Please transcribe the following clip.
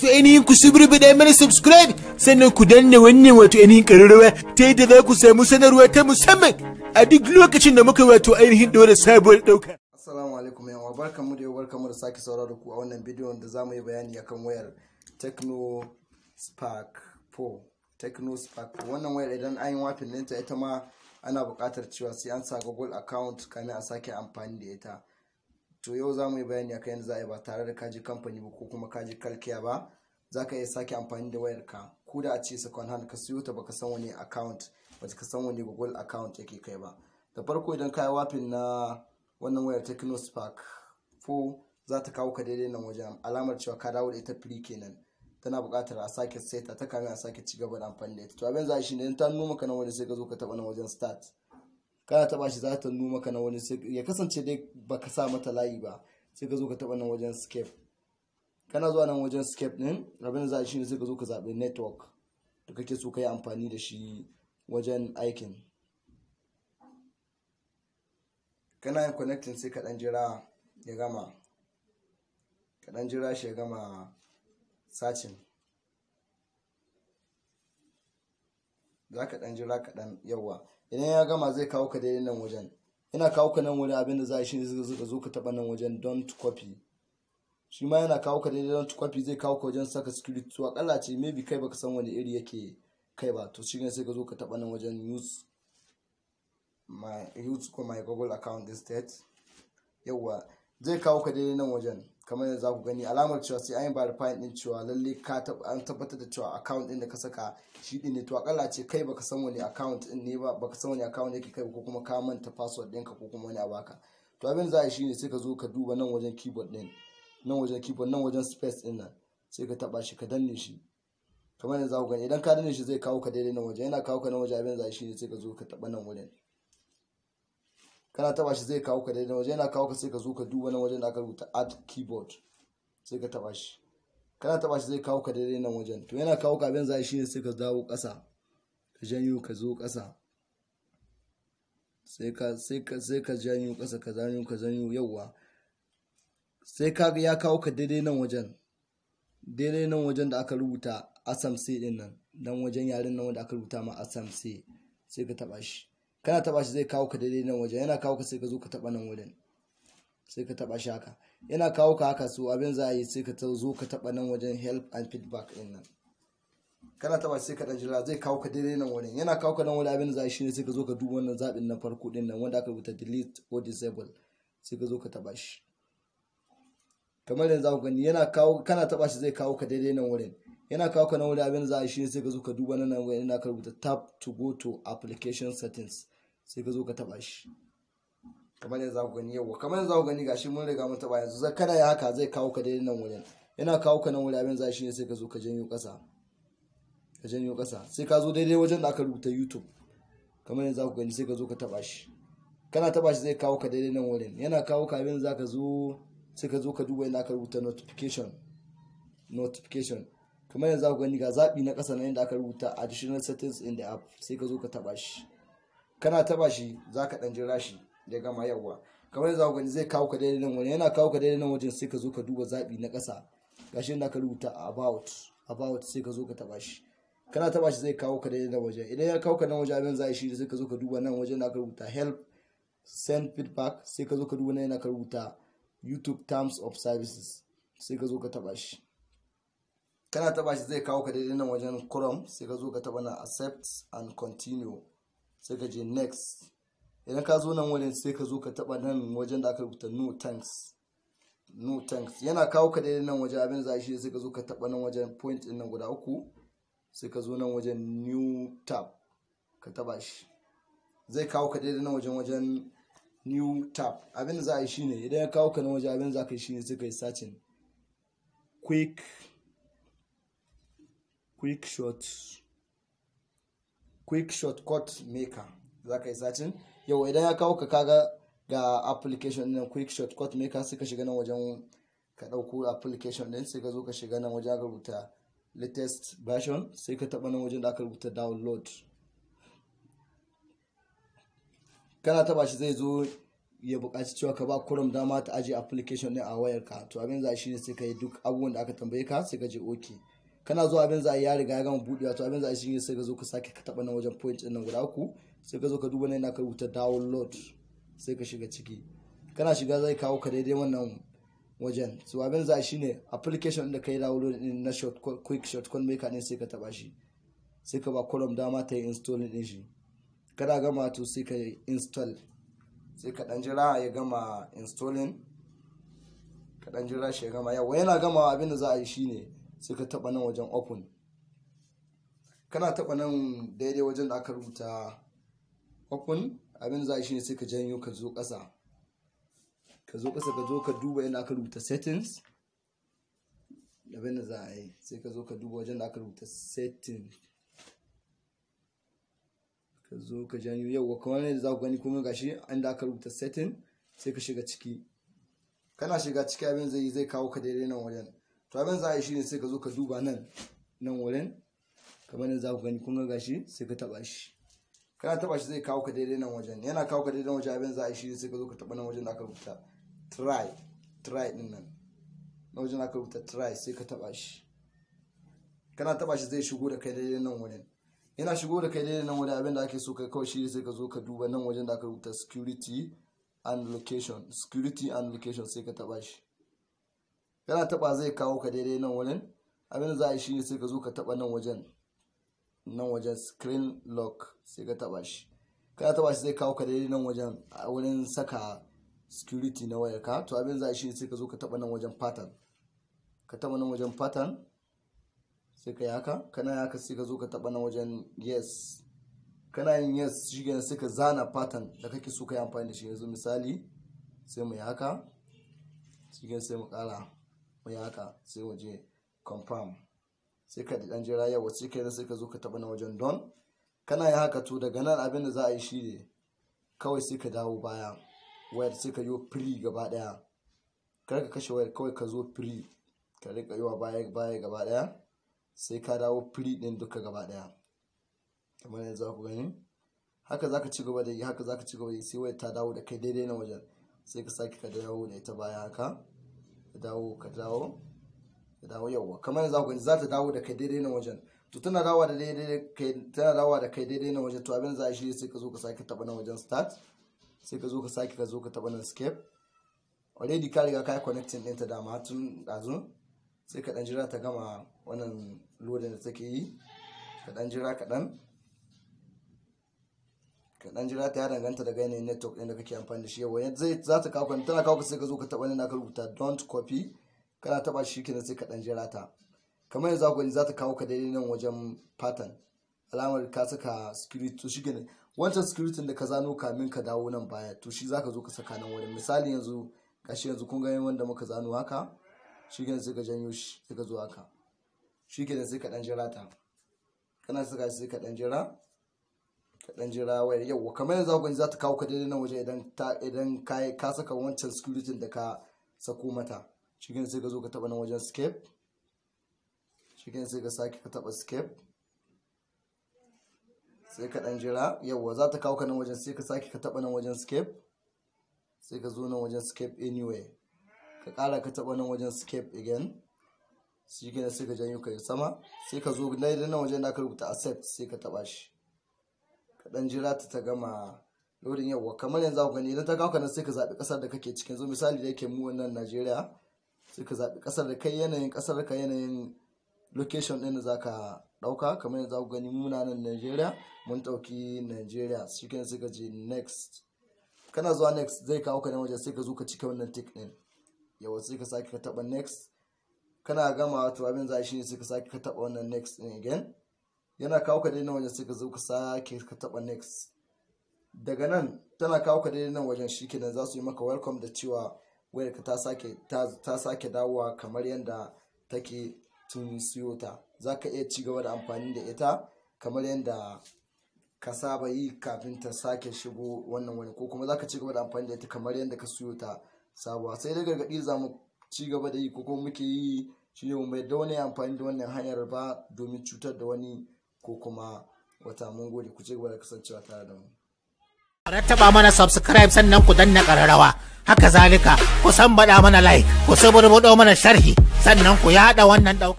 to ainihin ku subrubida mana subscribe sannan ku danna wannan wato ainihin ƙararrawa ta yadda za ku samu sanarwa ta musamman a duk lokacin da muka wato ainihin dora sabuwar dauka Assalamu alaikum yawa barkamu da barkamu da sake saurara ku a wannan bidiyon da za yi bayani akan wayar Techno Spark 4. Techno Spark wannan wayar idan an yi wafin ɗinta ita ma ana buƙatar cewa sai an saka Google account kamin a sake amfani da ita. to yau za mu yi bayani akan yadda za a yi ba tare da kaji kamfani ba ko kuma kaji kalkiya ba za ka iya sake amfani da wayar ka ko da a ce second hand ka siyo ta baka san wani account ba ka san wani google account yake kai ba da farko idan ka yi wafin na wannan wayar techno spark 4 za ta kawo ka daidai nan wajen alamar cewa ka dawo da ita free kenan tana bukatar a sake seta ta kamin a sake ci gaba da amfani da ita to abin za shi ne ta nuna maka nan wajen sai ka zo ka taɓa nan wajen start kana taba shi za ta nu ka na wani ya kasance dai baka sa mata layi ba sai ka zo ka taba nan wajen scape kana zuwa nan wajen scape din rabin za a shi ne sai ka zo ka zaɓi network da kake so ka yi amfani da shi wajen aikin kana yin connecting sai ka jira ya gama ka jira shi ya gama sacin za ka ɗan jira kaɗan yawa idan ya gama zai kawo ka daidai nan wajen yana kawo ka nan wani abin da za a shi zai zuka zo ka taɓa nan wajen don copy shi ma yana kawo ka daidai don copy zai kawo ka wajen saka security to akalla ce maybe kai baka san wani iri yake kai ba to shi ne sai ka zo ka taɓa nan wajen use my use ko my google account instead yawa zai kawo ka daidai nan wajen kamar yadda za ku gani alamar cewa sai an yi verifying din cewa lalle ka an tabbatar da cewa account din da ka saka shi din ne to akalla ce kai baka san wani account din ne ba baka san wani account yake kai ko kuma ka manta password ɗinka ko kuma wani abaka to abin za a yi shine sai ka zo ka duba nan wajen keyboard din nan wajen keyboard nan wajen space din nan sai ka taba shi ka danne shi kamar yadda za ku gani idan ka danne shi zai kawo ka daidai nan wajen yana kawo ka nan wajen abin za a yi shine sai ka zo ka taba nan wajen kana taba shi zai kawo ka daidai waje yana kawo ka sai ka zo ka duba nan wajen da aka rubuta add keyboard sai ka taba shi kana taba shi zai kawo ka daidai nan wajen to yana kawo ka abin za shi ne sai ka dawo ƙasa ka janyo ka zo ƙasa sai ka sai ka sai ka janyo ƙasa ka janyo ka janyo yawa sai ka ya kawo ka daidai nan wajen daidai nan wajen da aka rubuta assam sai din nan dan wajen yaren nan wanda aka rubuta ma assam sai sai ka taba shi kana taba shi zai kawo ka daidai nan wajen yana kawo ka sai ka zo ka taba nan wajen sai ka taba shi haka yana kawo ka haka so abin za a yi sai ka zo ka taba nan wajen help and feedback din nan kana taba sai ka dan jira zai kawo ka daidai nan wajen yana kawo ka nan wajen abin za a shi ne sai ka zo ka duba wannan zabin na farko din nan wanda aka rubuta delete or disable sai ka zo ka taba shi kamar yanzu ku gani yana kawo kana taba shi zai kawo ka daidai nan wajen yana kawo ka nan wajen abin za a shi ne sai ka zo ka duba nan wajen yana aka rubuta tap to go to application settings sai ka zo ka taba shi kamar yanzu za ku gani yawa kamar yanzu za ku gani gashi mun riga mun taba yanzu kada ya haka zai kawo ka daidai nan wurin yana kawo ka nan wurin abin za shi ne sai ka zo ka janyo ƙasa ka janyo ƙasa sai ka zo daidai wajen da aka rubuta youtube kamar yanzu za ku gani sai ka zo ka taba shi kana taba shi zai kawo ka daidai nan wurin yana kawo ka abin za ka zo sai ka zo ka duba inda aka rubuta notification notification kamar yanzu za ku gani ga zaɓi na ƙasa na inda aka rubuta additional settings in the app sai ka zo ka taba shi kana taba shi za ka ɗan jira shi ya gama yawa kamar yadda gani zai kawo ka daidai nan wani yana kawo ka daidai nan wajen sai ka zo ka duba zaɓi na ƙasa gashi na ka rubuta about about sai ka zo ka taba shi kana taba shi zai kawo ka daidai nan wajen idan ya kawo ka nan wajen abin za shi sai ka zo ka duba nan wajen na ka rubuta help send feedback sai ka zo ka duba nan yana ka rubuta youtube terms of services sai ka zo ka taba shi kana taba shi zai kawo ka daidai nan wajen chrome sai ka zo ka taba na accept and continue sai ka je next idan ka zo nan wurin sai ka zo ka taba nan wajen da aka rubuta no thanks no thanks yana kawo ka daidai nan wajen abin za shi sai ka zo ka taba nan wajen point din nan guda uku sai ka zo nan wajen new tab ka taba shi zai kawo ka daidai nan wajen wajen new tab abin za a yi shine idan ya kawo ka nan wajen abin za ka yi shine sai ka yi searching quick quick shots quick shortcut maker za ka yi satin yau idan ya kawo ka kaga ga application na quick shortcut maker sai shiga nan wajen ka ɗauko application din sai ka zo ka shiga nan wajen aka rubuta latest version sai ka taɓa nan wajen da aka rubuta download kana taɓa shi zai zo ya buƙaci cewa ka ba kurum dama ta ajiye application din a wayarka to abin za shi ne sai ka yi duk abubuwan da aka tambaye ka sai ka je okay kana zuwa abin za a ya riga ya gama buɗewa to abin za a shi sai ka zo ka sake ka taɓa nan wajen point ɗin nan guda uku sai ka zo ka duba nan na ka rubuta download sai ka shiga ciki kana shiga zai kawo ka daidai wannan wajen so abin za a shine application da kai download ɗin na short quick code maker ɗin sai ka taɓa shi sai ka ba column dama ta yi install ɗin shi kana gama to sai ka install sai ka ɗan jira ya gama installing ka ɗan jira shi ya gama yawa yana gama abin da za a yi shine suka taba nan wajen open kana taba nan daidai wajen da aka rubuta open abin za a shi ne sai ka janyo ka zo kasa ka zo kasa ka zo ka duba yadda aka rubuta settings abin da za a yi sai ka zo ka duba wajen da aka rubuta settings ka zo ka janyo yauwa kamar yadda za ku gani kuma gashi inda aka rubuta setting sai ka shiga ciki kana shiga ciki abin zai zai kawo ka daidai nan wajen to abin za a yi ne sai ka zo ka duba nan nan wurin kamar nan za ku gani kun ga shi sai ka taba shi kana taba shi zai kawo ka daidai nan wajen yana kawo ka daidai wajen abin za a yi ne, sai ka zo ka taba nan wajen da aka rubuta try try din nan na wajen da aka rubuta try sai ka taba shi kana taba shi zai shigo da kai daidai nan wurin yana shigo da kai daidai nan wurin abin da ake so kai kawai shi sai ka zo ka duba nan wajen da aka rubuta security and location security and location sai ka taba shi kana taba zai kawo ka daidai nan wajen abin za a yi ne sai ka zo ka taba nan wajen nan wajen screen lock sai ka taba shi kana taba shi zai kawo ka daidai nan wajen a wurin saka security na wayar ka to abin za a yi ne sai ka zo ka taba nan wajen pattern ka taba nan wajen pattern sai ka yi haka kana haka sai ka zo ka taba nan wajen yes kana yin yes shi kenan sai ka zana pattern da kake so ka yi amfani da shi yanzu misali sai mu yi haka shi sai mu kara mai haka sai waje confirm sai ka dan jira yawa sai kai sai ka zo ka tabbana wajen don kana yi haka to daga nan abin da za a yi shi ne kawai sai ka dawo baya wayar sai ka yi free gaba daya kar ka kashe wayar kawai ka zo free ka rika yi wa baya baya gaba daya sai ka dawo free din duka gaba daya kamar yanzu ku gani haka zaka ci gaba da yi haka zaka ci gaba da yi sai wayar ta dawo da kai daidai na wajen sai ka sake ka dawo da ita baya haka ka dawo ka dawo ka dawo yawa kamar za ku za ta dawo da kai daidai na wajen to tana dawo da daidai kai tana dawo da kai daidai na wajen to abin za a shirye sai ka zo ka sake taba na wajen start sai ka zo ka sake ka zo ka taba na skip already ka riga ka yi connecting da dama tun dazu sai ka dan jira ta gama wannan loading da take yi ka dan jira kaɗan kaɗan jira ta ya danganta da ganin network ɗin da kake amfani da shi yawa zai za ta kawo tana kawo sai ka zo ka taɓa ne na ka rubuta don't copy kana taɓa shi kenan sai ka jira ta kamar yanzu akwai za ta kawo ka daidai nan wajen pattern alamar ka saka security to shi kenan wancan security da ka zano kamin ka dawo nan baya to shi zaka zo ka saka nan wurin misali yanzu gashi yanzu kun gani wanda muka zano haka shi kenan sai ka janyo shi sai ka zo haka shi kenan sai ka ɗan jira ta kana saka sai ka ɗan jira ka dan jira wayar yau kamar yanzu akwai za ta kawo ka daidai nan waje idan ta idan ka ka saka wancan security da ka sako mata cikin sai ka zo ka taba nan wajen escape cikin sai ka sake ka taba escape sai ka dan jira yauwa za ta kawo ka nan wajen sai ka sake ka taba nan wajen escape sai ka zo nan wajen escape anyway ka kara ka taba nan wajen escape again shi sai ka janyo ka sama sai ka zo na nan wajen da ka rubuta accept sai ka taba shi Kadan jira ta ta gama lodin yawa kamar yanzu ku gani idan ta kawo ka sai ka zaɓi ƙasar da kake cikin zo misali da yake mu wannan Najeriya sai ka zaɓi ƙasar da kai yanayin ƙasar ka yanayin location ɗin da zaka ɗauka kamar yanzu ku gani muna nan Najeriya mun ɗauki Najeriya shi kenan sai ka je next kana zuwa next zai kawo ka nan waje sai ka zo ka cike wannan tik ɗin yawa sai ka sake ka taɓa next kana gama wato abin za shi ne sai ka sake ka taɓa wannan next ɗin again yana kawo ka daidai nan wajen sai ka zo ka sake ka taba next daga nan tana kawo ka daidai nan wajen shikenan za su yi maka welcome da cewa wayar ka ta sake ta sake dawowa kamar yadda take tun siyo ta za ka iya ci gaba da amfani da ita kamar yadda ka saba yi kafin ta sake shigo wannan wani ko kuma za ka ci gaba da amfani da ita kamar yadda ka siyo ta sabuwa sai dai gargaɗi za mu ci gaba da yi ko kuma muke yi shine mu bai da wani amfani da wannan hanyar ba domin cutar da wani ko kuma wata mun gode ku ci gaba da kasancewa tare da mu rattaba mana subscribe sannan ku danna kararrawa haka zalika ku san bada mana like ku saburbudo mana sharhi sannan ku yada wannan dauka